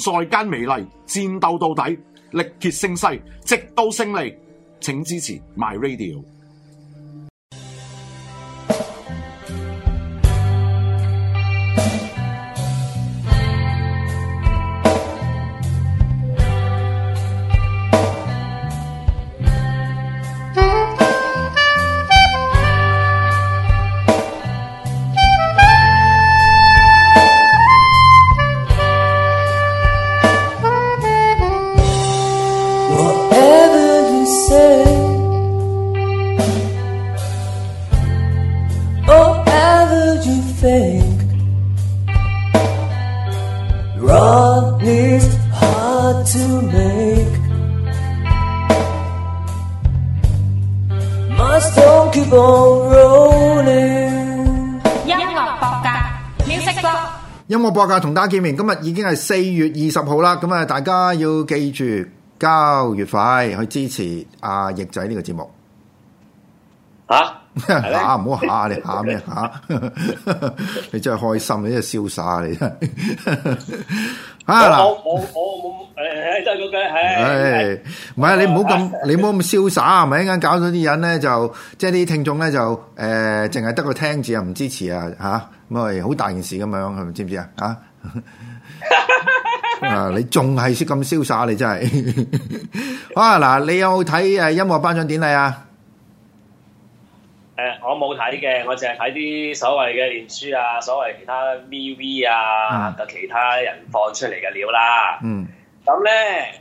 在艱危裡，戰鬥到底，力竭聲嘶，直到勝利，請支持 My Radio。同大家見面，今日已經係四月二十號啦，咁啊，大家要記住交月費去支持阿、啊、翼仔呢個節目。吓吓唔好吓你吓咩吓？ 是嗎 你真係開心，你真係瀟灑你。啊嗱，我我我冇誒，真係咁嘅，係。唔係你唔好咁，你唔好咁瀟灑啊！咪一間搞到啲人咧，就即係啲聽眾咧就誒，淨係得個聽字啊，唔支持啊，吓。咪、嗯、好大件事咁樣，係咪知唔知啊？啊！ 啊！你仲係識咁瀟灑，你真係。 啊！嗱，你有冇睇誒音樂頒獎典禮啊？誒、呃，我冇睇嘅，我淨係睇啲所謂嘅練書啊，所謂其他 MV 啊嘅、啊、其他人放出嚟嘅料啦。嗯。咁咧，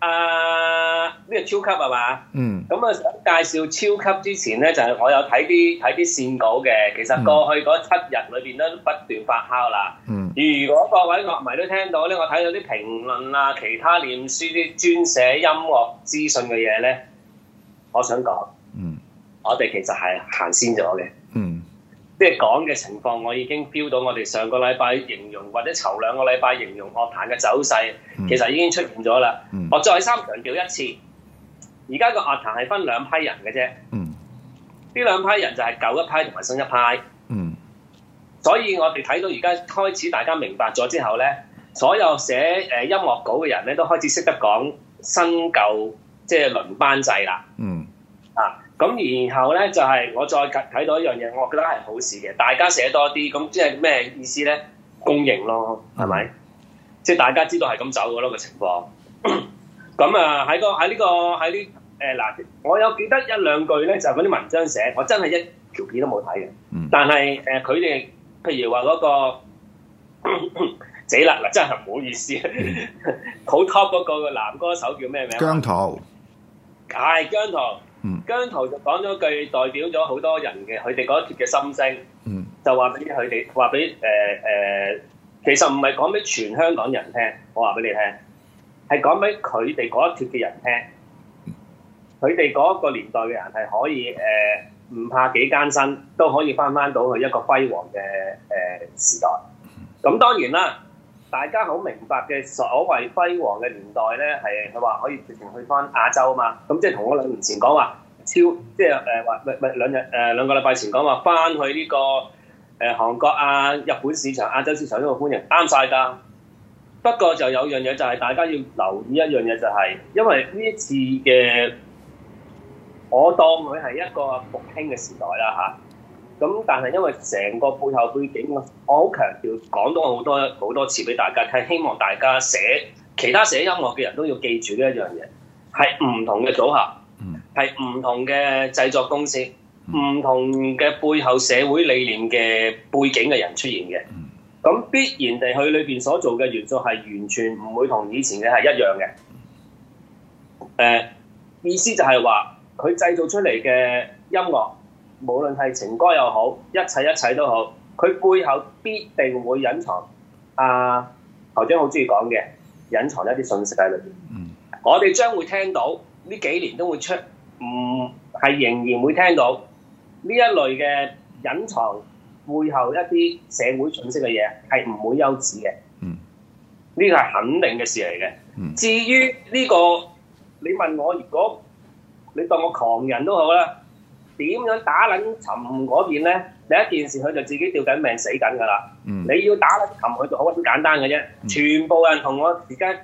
誒、呃。呢個超級係嘛？嗯。咁啊，想介紹 Chill Club 之前咧，就係、是、我有睇啲睇啲線稿嘅。其實過去嗰七日裏邊咧都不斷發酵啦。嗯。如果各位樂迷都聽到咧，我睇到啲評論啊，其他面書啲專寫音樂資訊嘅嘢咧，我想講，嗯，我哋其實係行先咗嘅。嗯。即係講嘅情況，我已經標到我哋上個禮拜形容或者頭兩個禮拜形容樂壇嘅走勢、嗯，其實已經出現咗啦、嗯。我再三強調一次。而家個樂壇係分兩批人嘅啫，嗯，呢兩批人就係舊一批同埋新一批，嗯，所以我哋睇到而家開始大家明白咗之後咧，所有寫誒音樂稿嘅人咧都開始識得講新舊即係輪班制啦，嗯，啊，咁然後咧就係我再睇到一樣嘢，我覺得係好事嘅，大家寫多啲，咁即係咩意思咧？公認咯，係咪？即係大家知道係咁走嗰、這個情況，咁、 嗯、啊喺、這個喺呢、這個喺呢。誒、呃、嗱，我有記得一兩句咧，就嗰、是、啲文章寫，我真係一條片都冇睇嘅。但係誒，佢、呃、哋譬如話嗰、那個死啦嗱，真係唔好意思，好、嗯、 top 嗰個男歌手叫咩名？姜濤，係姜濤。姜濤、嗯、姜濤就講咗句代表咗好多人嘅佢哋嗰一貼嘅心聲、嗯，就話俾佢哋話俾誒誒，其實唔係講俾全香港人聽，我話俾你聽，係講俾佢哋嗰一貼嘅人聽。佢哋嗰個年代嘅人係可以誒，唔、呃、怕幾艱辛，都可以翻翻到去一個輝煌嘅誒、呃、時代。咁當然啦，大家好明白嘅，所謂輝煌嘅年代咧，係佢話可以直情去翻亞洲啊嘛。咁即係同我兩年前講話超，即係誒話，唔係唔係兩日誒、呃、兩個禮拜前講話翻去呢個誒、呃、韓國啊、日本市場、亞洲市場呢個歡迎啱晒㗎。不過就有一樣嘢，就係大家要留意一樣嘢，就係，就係因為呢次嘅。我當佢係一個復興嘅時代啦嚇，咁但係因為成個背後背景，我好強調講咗好多好多次俾大家，係希望大家寫其他寫音樂嘅人都要記住呢一樣嘢，係唔同嘅組合，嗯，係唔同嘅製作公司，唔同嘅背後社會理念嘅背景嘅人出現嘅，嗯，咁必然地佢裏邊所做嘅元素係完全唔會同以前嘅係一樣嘅，誒、呃，意思就係話。佢製造出嚟嘅音樂，無論係情歌又好，一切一切都好，佢背後必定會隱藏。阿頭先好中意講嘅，隱藏一啲信息喺裏邊。嗯，我哋將會聽到呢幾年都會出，唔、嗯、係仍然會聽到呢一類嘅隱藏背後一啲社會信息嘅嘢，係唔會休止嘅。嗯，呢個係肯定嘅事嚟嘅。嗯、至於呢、呢個，你問我如果，你當我狂人都好啦，點樣打撚沉嗰邊咧？第一件事佢就自己吊緊命死緊㗎啦。嗯，你要打撚沉佢就好簡單嘅啫、嗯。全部人同我而家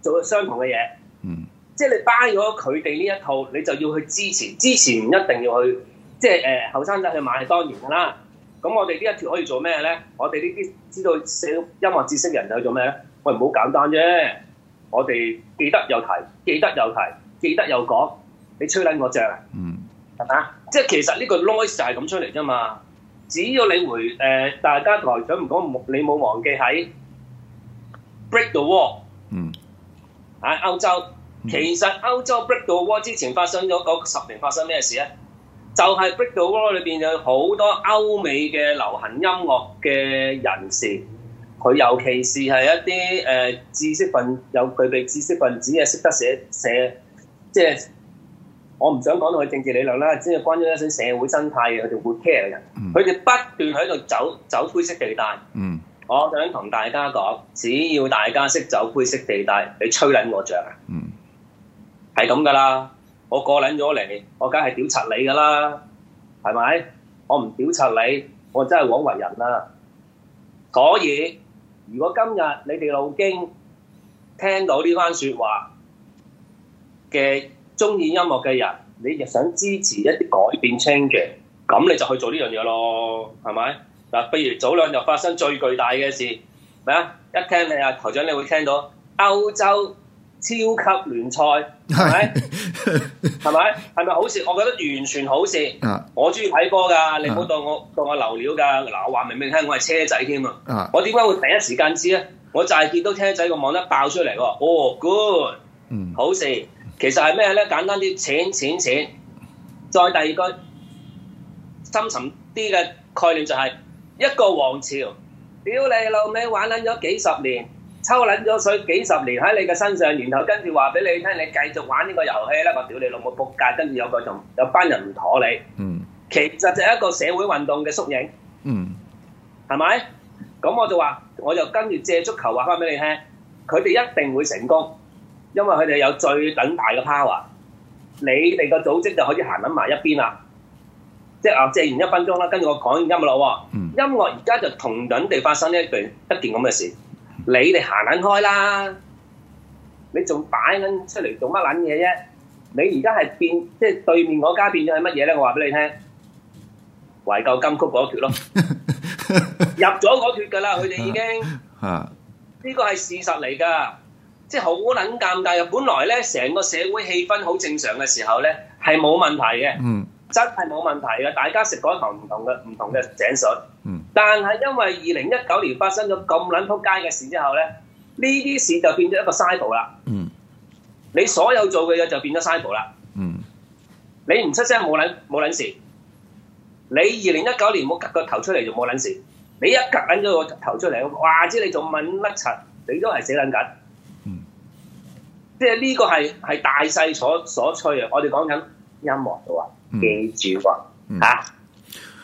做咗相同嘅嘢。嗯，即係你包咗佢哋呢一套，你就要去支持。支持唔一定要去，即係誒後生仔去買當然㗎啦。咁我哋呢一條可以做咩咧？我哋呢啲知道細音樂知識人就去做咩咧？喂，唔好簡單啫。我哋記得又提，記得又提，記得又講。你吹撚我只嗯，係、啊、嘛？即係其實呢個 noise 就係咁出嚟啫嘛。只要你回誒、呃，大家台長唔講，你冇忘記喺 break the wall、嗯啊。嗯，喺歐洲，其實歐洲 break the wall 之前發生咗嗰、那個、十年發生咩事咧？就係、是、break the wall 裏邊有好多歐美嘅流行音樂嘅人士，佢尤其是係一啲誒、呃、知識分有佢哋知識分子嘅識得寫寫，即係。我唔想講到佢政治理論啦，只係關於一啲社會生態，佢哋會 care 嘅人，佢、嗯、哋不斷喺度走走灰色地帶。嗯、我就想同大家講，只要大家識走灰色地帶，你吹撚我着啊！係咁噶啦，我過撚咗嚟，我梗係屌柒你噶啦，係咪？我唔屌柒你，我真係枉為人啦。所以，如果今日你哋路經聽到呢番説話嘅，中意音樂嘅人，你又想支持一啲改變 change 嘅，a 咁你就去做呢樣嘢咯，係咪？嗱，譬如早兩日發生最巨大嘅事，咩啊？一聽你啊，台長，你會聽到歐洲超級聯賽係咪？係咪？係 咪好事？我覺得完全好事。啊、我中意睇波㗎，你冇當我、啊、當我流料㗎。嗱，我話明明聽我係車仔添啊！我點解會第一時間知啊？我就係見到車仔個網得爆出嚟喎，哦、oh, good，嗯，好事。嗯其實係咩咧？簡單啲，錢錢錢。再第二個深沉啲嘅概念就係、是、一個王朝，屌你老味，玩捻咗幾十年，抽捻咗水幾十年喺你嘅身上，然後跟住話俾你聽，你繼續玩這個遊戲呢個遊戲啦！我屌你老母撲街，跟住有個仲有班人唔妥你。嗯。其實就係一個社會運動嘅縮影。嗯是。係咪？咁我就話，我就跟住借足球話翻俾你聽，佢哋一定會成功。因為佢哋有最等大嘅 power，你哋個組織就可以行撚埋一邊啦。即係啊，剩完一分鐘啦，跟住我講音樂咯，嗯、音樂而家就同樣地發生呢一段、一件咁嘅事，你哋行撚開啦，你仲擺緊出嚟做乜撚嘢啫？你而家係變即係對面嗰家變咗係乜嘢咧？我話俾你聽，懷舊金曲嗰一闕咯， 入咗嗰闕㗎啦。佢哋已經，呢個係事實嚟㗎。即係好撚尷尬嘅，本來咧成個社會氣氛好正常嘅時候咧，係冇問題嘅，嗯，真係冇問題嘅，大家食嗰頭唔同嘅唔同嘅井水，嗯，但係因為二零一九年發生咗咁撚撲街嘅事之後咧，呢啲事就變咗一個 cycle 啦，嗯，你所有做嘅嘢就變咗 cycle 啦，嗯，你唔出聲冇撚冇撚事，你二零一九年冇夾個頭出嚟就冇撚事，你一夾撚咗個頭出嚟，話知你仲乜甩柒，你都係死撚緊。即係呢個係係大勢所所趨、嗯嗯、啊！我哋講緊音樂嘅話，記住喎嚇。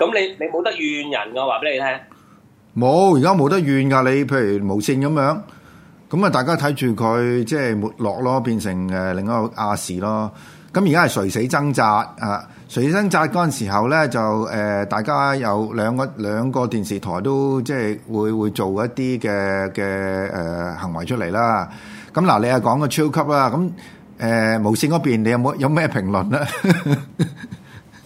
咁你你冇得怨人嘅話，俾你聽。冇而家冇得怨噶，你譬如無線咁樣，咁啊大家睇住佢即係沒落咯，變成、呃、另一個亞視咯。咁而家係垂死掙扎啊！垂死掙扎嗰陣時候咧，就、呃、大家有兩個兩個電視台都即係會會做一啲嘅嘅、呃、行為出嚟啦。咁嗱，你又講個超級啦，咁、呃、誒無線嗰邊，你有冇有咩評論咧？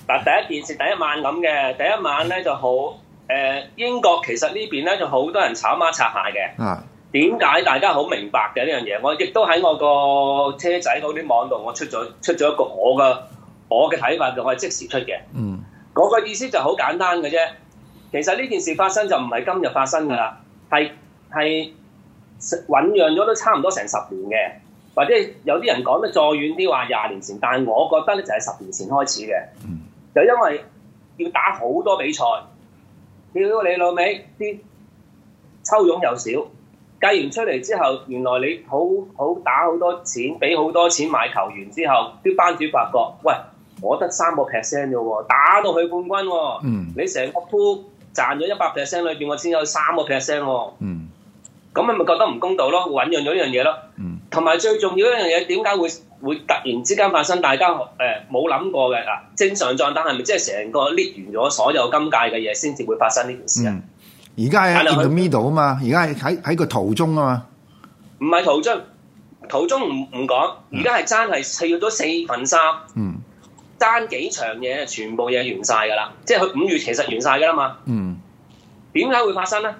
嗱， 第一件事第一晚咁嘅，第一晚咧就好誒、呃，英國其實邊呢邊咧就好多人炒孖擦鞋嘅。點、啊、解大家好明白嘅呢樣嘢？我亦都喺我個車仔嗰啲網度，我出咗出咗一個我嘅我嘅睇法就我係即時出嘅。嗯，我、嗰個意思就好簡單嘅啫。其實呢件事發生就唔係今日發生㗎啦，係係。醖釀咗都差唔多成十年嘅，或者有啲人講得再遠啲話廿年前，但係我覺得咧就係十年前開始嘅。嗯，就因為要打好多比賽，屌你老味，啲抽傭又少，計完出嚟之後，原來你好好打好多錢，俾好多錢買球員之後，啲班主發覺，喂，我得三個 percent 啫喎，打到佢冠軍、哦、嗯，你成個鋪賺咗一百 percent 裏邊，我先有三個 percent 喎，嗯。咁你咪覺得唔公道咯？醖釀咗一樣嘢咯。嗯。同埋最重要的一樣嘢，點解會會突然之間發生？大家誒冇諗過嘅嗱，正常狀態係咪即係成個 league 完咗所有今屆嘅嘢，先至會發生呢件事啊？嗯。而家喺度 league middle 啊嘛，而家喺喺喺個途中啊嘛。唔係途中，途中唔唔講。而家係爭係係咗四份三。嗯。爭幾場嘢，全部嘢完晒㗎啦。即係佢五月其實完晒㗎啦嘛。嗯。點解會發生咧？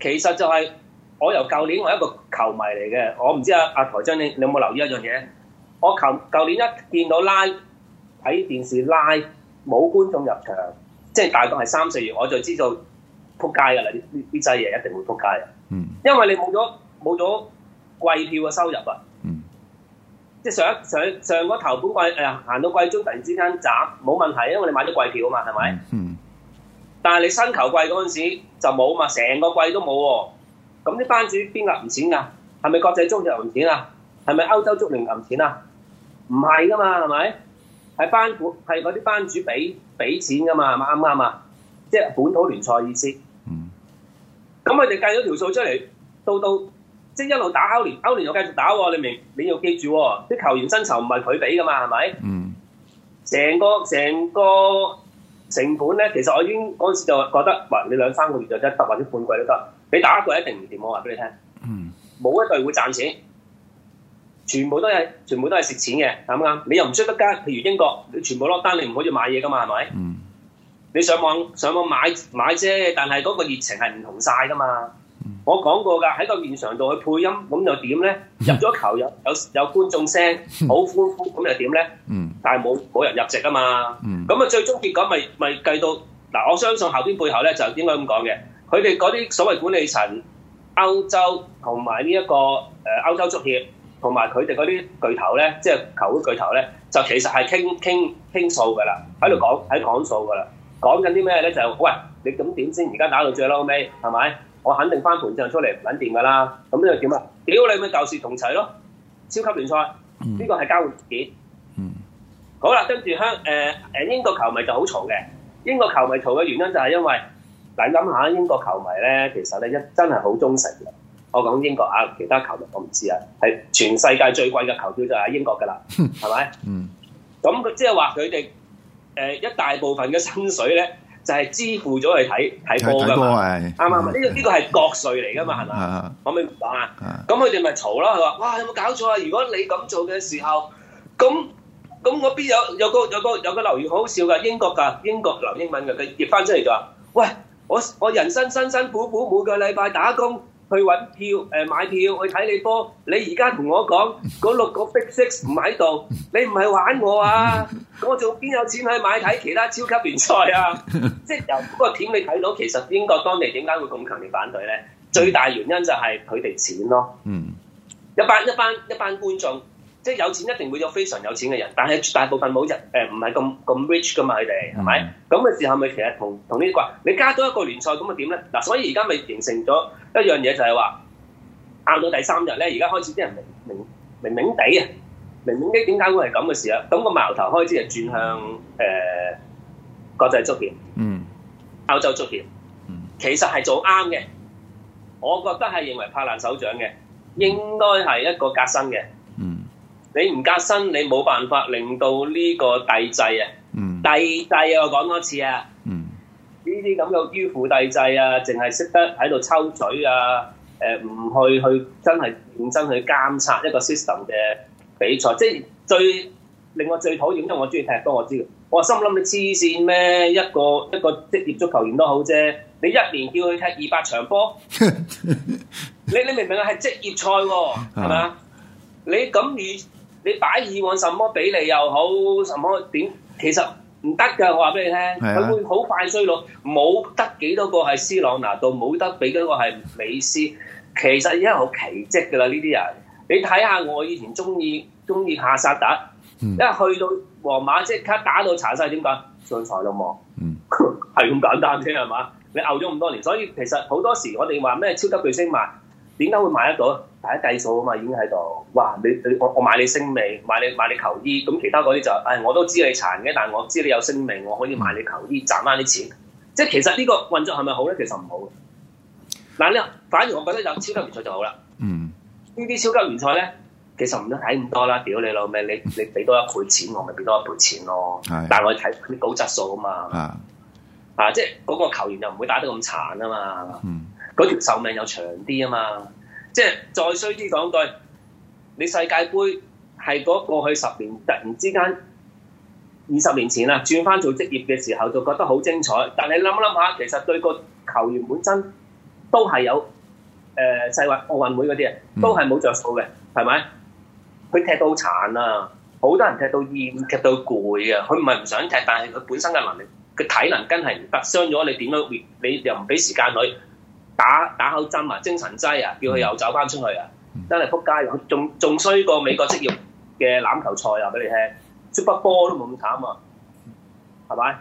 其實就係、是。我由舊年我係一個球迷嚟嘅，我唔知阿阿、啊啊、台將你你有冇留意一樣嘢？我舊舊年一見到拉睇電視拉冇觀眾入場，即係大概係三四月我就知道仆街噶啦，呢呢呢嘢一定會仆街。嗯，因為你冇咗冇咗季票嘅收入啊。嗯，即係上一上上個頭半季誒、哎、行到季中，突然之間斬冇問題，因為你買咗季票啊嘛，係咪、嗯？嗯，但係你新球季嗰陣時候就冇嘛，成個季都冇喎。咁啲班主邊個唔錢噶？係咪國際足聯唔錢啊？係咪歐洲足聯唔錢啊？唔係噶嘛，係咪？係班主係嗰啲班主俾俾錢噶嘛，啱唔啱啊？即係本土聯賽意思。嗯。咁佢哋計咗條數出嚟，到到即係一路打歐聯，歐聯又繼續打喎。你明？你要記住喎，啲球員薪酬唔係佢俾噶嘛，係咪？嗯。成個成個成本咧，其實我已經嗰陣時就覺得，唔係你兩三個月就得，或者半季都得。你打一句一定唔掂，我話俾你聽。嗯，冇一隊會賺錢，全部都係全部都係蝕錢嘅，啱唔啱？你又唔出得街，譬如英國，你全部落單，你唔可以買嘢噶嘛，係咪？嗯。你上網上網買買啫，但係嗰個熱情係唔同晒噶嘛。嗯。我講過噶，喺個現場度去配音，咁又點咧？入咗球有有有觀眾聲，好歡呼，咁又點咧？嗯。但係冇冇人入席啊嘛。嗯。咁啊，最終結果咪咪計到嗱，我相信後邊背後咧就應該咁講嘅。佢哋嗰啲所謂管理層、歐洲同埋呢一個誒、呃、歐洲足協，同埋佢哋嗰啲巨頭咧，即係球會巨頭咧，就其實係傾傾傾數嘅啦，喺度講喺講數嘅啦，講緊啲咩咧？就喂，你咁點先？而家打到最嬲尾，係咪？我肯定翻盤出來不的就出嚟唔撚掂噶啦。咁呢個點啊？屌你咪舊事重提咯！超級聯賽呢、呢個係交換條件。嗯。好啦，跟住香誒誒、呃、英國球迷就好嘈嘅。英國球迷嘈嘅原因就係因為。嗱，諗下英國球迷咧，其實咧一真係好忠誠嘅。我講英國啊，其他球迷我唔知啊。係全世界最貴嘅球票就係英國㗎啦，係 咪？嗯。咁佢即係話佢哋誒一大部分嘅薪水咧，就係、是、支付咗去睇睇波㗎嘛。啱唔啱？呢、 這個呢、這個係國稅嚟㗎嘛，係咪？可唔可以講啊？咁佢哋咪嘈咯，佢話：哇，有冇搞錯啊？如果你咁做嘅時候，咁咁我邊有有個有個有個留言好好笑㗎，英國㗎，英國留英文嘅，佢譯翻出嚟就話：喂！我我人生辛辛苦苦每個禮拜打工去揾票，誒買票去睇你波。你而家同我講嗰六個 Big Six 唔喺度，你唔係玩我啊！那我仲邊有錢去買睇其他超級聯賽啊？即 係由嗰個點你睇到，其實英國當地點解會咁強烈反對咧？最大原因就係佢哋錢咯。嗯，一班一班一班觀眾。即係有錢一定會有非常有錢嘅人，但係大部分冇人誒，唔係咁咁 rich 噶嘛，佢哋係咪？咁嘅時候咪其實同同呢啲話，你加多一個聯賽咁啊點咧？嗱、呃，所以而家咪形成咗一樣嘢，就係話拗到第三日咧，而家開始啲人明明明明地啊，明明啲點解會係咁嘅事啊？咁個矛頭開始係轉向誒、呃、國際足協，嗯、mm -hmm.，歐洲足協，嗯、mm -hmm.，其實係做啱嘅，我覺得係認為拍爛手掌嘅，應該係一個革新嘅。你唔加薪，你冇辦法令到呢個帝制啊，帝制啊，帝制我講多次啊，呢啲咁嘅迂腐帝制啊，淨係識得喺度抽水啊，誒、呃，唔去去真係認真去監察一個 system 嘅比賽，即係最令我最討厭，因為我中意踢波，我知道，我心諗你黐線咩？一個一個職業足球員都好啫，你一年叫佢踢二百場波， 你明唔明係、哦 是 uh -huh. 你明唔明啊？係職業賽喎，係嘛？你咁如？你擺以往什麼比例又好，什麼點，其實唔得噶，我話俾你聽，佢會好快衰落，冇得幾多個係斯朗拿度，冇得俾嗰個係美斯，其實已經係好奇蹟噶啦呢啲人。你睇下我以前中意中意下薩達、嗯，一去到皇馬即刻打到查晒，點解上財路望，嗯，係 咁簡單啫，係嘛？你熬咗咁多年，所以其實好多時我哋話咩超級巨星賣，點解會買得到？大家計數啊嘛，已經喺度。哇！你你我我買你星味，買你買你球衣，咁其他嗰啲就，唉、哎，我都知道你殘嘅，但係我知道你有星味，我可以買你球衣賺翻啲錢。嗯、即係其實呢個運作係咪好咧？其實唔好。嗱，你反而我覺得有超級聯賽就好啦。嗯。呢啲超級聯賽咧，其實唔使睇咁多啦。屌你老咩？你你俾多一倍錢，我咪俾多一倍錢咯。嗯、但係我睇啲高質素啊嘛。啊，啊。即係嗰個球員又唔會打得咁殘啊嘛。嗯。嗰條壽命又長啲啊嘛。即係再衰啲講句，你世界盃係嗰過去十年突然之間二十年前啦，轉翻做職業嘅時候，就覺得好精彩。但係諗一諗下，其實對個球員本身都係有誒、呃、世運奧運會嗰啲、嗯、啊，都係冇着數嘅，係咪？佢踢到慘啊，好多人踢到厭，踢到攰啊。佢唔係唔想踢，但係佢本身嘅能力，佢體能真係唔得。傷咗。你點樣你又唔俾時間佢。打打口針啊，精神劑啊，叫佢又走翻出去啊，嗯、真係撲街！仲仲衰過美國職業嘅欖球賽啊，俾你聽，Super Bowl 都冇咁慘啊，係咪？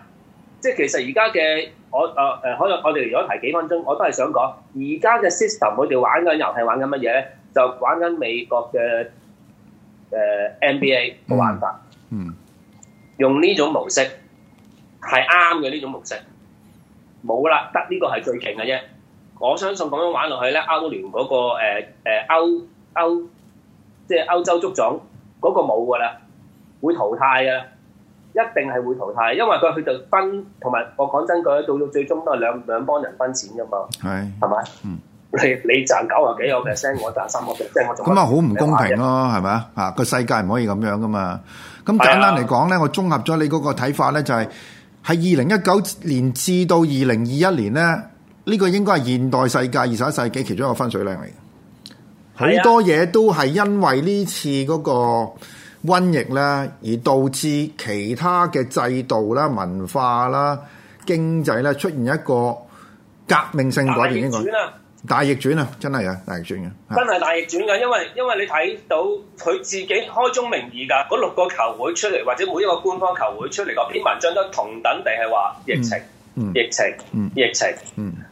即係其實而家嘅我誒誒，可、呃、能我哋如果提幾分鐘，我都係想講，而家嘅 system，我哋玩緊遊戲玩緊乜嘢咧？就玩緊美國嘅誒、呃、NBA 嘅玩法，嗯，嗯用呢種模式係啱嘅，呢種模式，冇啦，得呢個係最勁嘅啫。我相信咁樣玩落去咧，歐聯嗰、那個誒誒、呃、歐，歐即係歐洲足總嗰個冇噶啦，會淘汰啊！一定係會淘汰，因為佢佢就分，同埋我講真句到到最終都係兩兩幫人分錢噶嘛。係係咪？嗯，你你賺九啊幾個 percent，我賺三啊幾個 percent，嗯、我咁啊，好唔公平咯，係咪啊？嚇個世界唔可以咁樣噶嘛。咁簡單嚟講咧，我綜合咗你嗰個睇法咧、就係，就係喺二零一九年至到二零二一年咧。呢個應該係現代世界二十一世紀其中一個分水嶺嚟嘅，好多嘢都係因為呢次嗰個瘟疫咧，而導致其他嘅制度啦、文化啦、經濟咧出現一個革命性改變。呢個大逆轉啊！大逆轉啊！真係啊！大逆轉嘅、啊，真係大逆轉嘅。因為因為你睇到佢自己開宗明義㗎，嗰六個球會出嚟，或者每一個官方球會出嚟個篇文章都同等地係話疫情、疫情、疫情、嗯、嗯、疫情。嗯嗯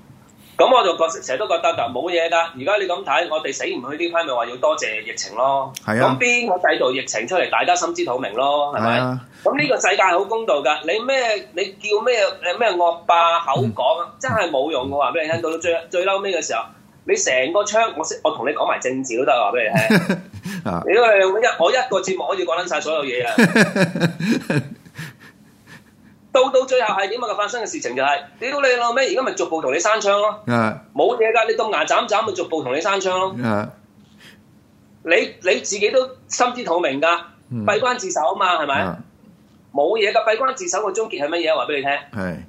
咁我就覺成日都覺得就冇嘢㗎，而家你咁睇，我哋死唔去呢排咪話要多謝疫情咯。係啊，咁邊個製造疫情出嚟？大家心知肚明咯，係咪？咁呢、啊、個世界係好公道㗎。你咩？你叫咩？咩？惡霸口講啊，嗯、真係冇用。我話俾你聽到最，最最嬲尾嘅時候，你成個窗，我識我同你講埋政治都得。我話俾你聽，因為一我一個節目可以講撚晒所有嘢嘅。 最後係點啊？發生嘅事情就係、是、屌你老尾，而家咪逐步同你閂窗咯。啊，冇嘢噶，你到牙斬斬咪逐步同你閂窗咯。啊、yeah.，你你自己都心知肚明噶，閉、mm. 關自首啊嘛，係咪？冇嘢噶，閉關自首嘅終結係乜嘢？話俾你聽。係、yeah.，training, mm.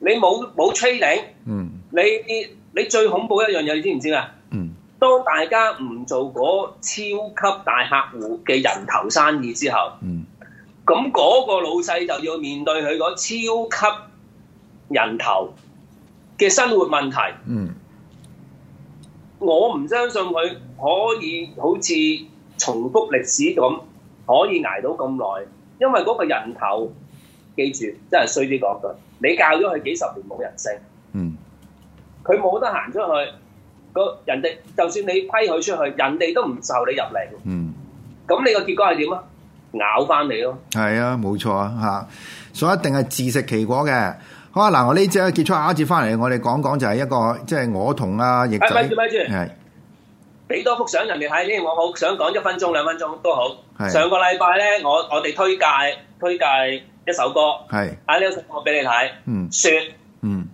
你冇冇 trading 嗯，你你最恐怖的一樣嘢，你知唔知啊？嗯、mm.，當大家唔做嗰超級大客戶嘅人頭生意之後，嗯、mm.。咁嗰個老細就要面對佢嗰超級人頭嘅生活問題。嗯，我唔相信佢可以好似重複歷史咁，可以捱到咁耐，因為嗰個人頭，記住真係衰啲講句，你教咗佢幾十年冇人性。嗯，佢冇得行出去，個人哋就算你批佢出去，人哋都唔受你入嚟。嗯，咁你個結果係點啊？咬翻你咯！係啊，冇錯啊，吓，所以一定係自食其果嘅。好啊，嗱、啊，我呢只結束下一節翻嚟，我哋講講就係一個，即、就、係、是、我同阿、啊、翼。咪住咪住，係、哎。俾多幅相人哋睇，呢我好想講一分鐘兩分鐘都好。係、啊。上個禮拜咧，我我哋推介推介一首歌，係。啊，呢個我俾你睇，嗯，雪，嗯，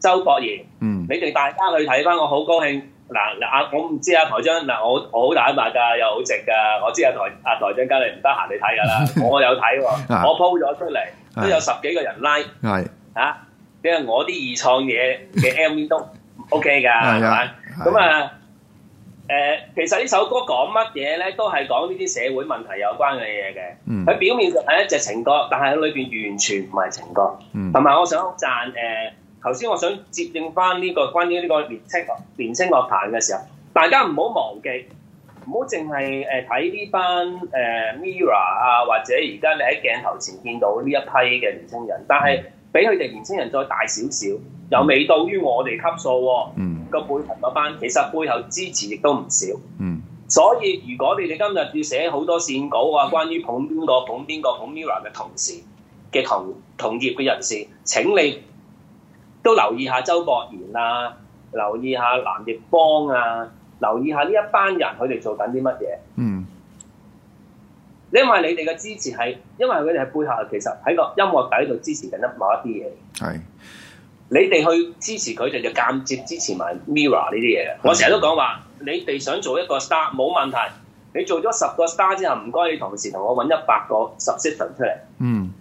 周博賢，嗯，你哋大家去睇翻，我好高興。嗱嗱阿我唔知阿、啊、台章嗱，我我好坦白噶，又好直噶，我知阿、啊、台阿、啊、台長今日唔得閒你睇噶啦， 我有睇看喎、啊， 我 po 咗出嚟都有十幾個人 like，係 啊，因為我啲二創嘢嘅 M V 都 OK 㗎，係 咁 是吧 啊誒、呃，其實呢首歌講乜嘢咧？都係講呢啲社會問題有關嘅嘢嘅，嗯，佢表面上係一隻情歌，但係喺裏邊完全唔係情歌，同、嗯、埋我想贊誒。呃頭先我想接應返、這、呢個關於呢個年青年青樂壇嘅時候，大家唔好忘記，唔好淨係誒睇呢班誒、呃、Mirror 啊，或者而家你喺鏡頭前見到呢一批嘅年輕人，嗯、但係俾佢哋年輕人再大少少、嗯，又未到於我哋級數、哦。嗯。個背後嗰班其實背後支持亦都唔少。嗯。所以如果你哋今日要寫好多線稿啊，關於捧邊個捧邊個捧 Mirror 嘅同事嘅同同業嘅人士，請你。都留意下周國賢啊，留意下藍奕邦啊，留意下呢一班人，佢哋做緊啲乜嘢？嗯。因為你哋嘅支持係，因為佢哋係背後其實喺個音樂底度支持緊一某一啲嘢。係。你哋去支持佢哋，就間接支持埋 Mirror 呢啲嘢。我成日都講話，你哋想做一個 Star 冇問題，你做咗十個 Star 之後，唔該，你同時同我揾一百個十 section 出嚟。嗯。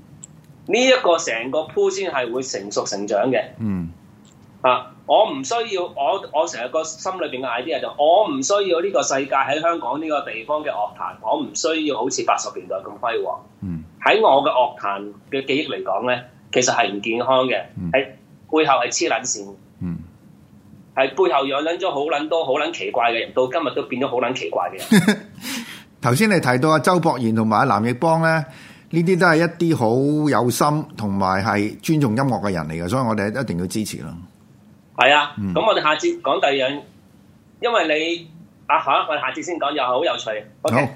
呢、這、一個成個鋪先係會成熟成長嘅。嗯，啊，我唔需要，我我成日個心裏邊嘅 idea 就是，我唔需要呢個世界喺香港呢個地方嘅樂壇，我唔需要好似八十年代咁輝煌。嗯，喺我嘅樂壇嘅記憶嚟講咧，其實係唔健康嘅，喺背後係黐撚線。嗯，係背後養撚咗好撚多好撚奇怪嘅人，到今日都變咗好撚奇怪嘅人。頭 先你提到阿周博賢同埋阿藍奕邦咧。呢啲都係一啲好有心同埋係尊重音樂嘅人嚟嘅，所以我哋一定要支持咯。係啊，咁、嗯、我哋下次講第二樣，因為你啊，好、啊，我哋下次先講又好有趣。OK？好。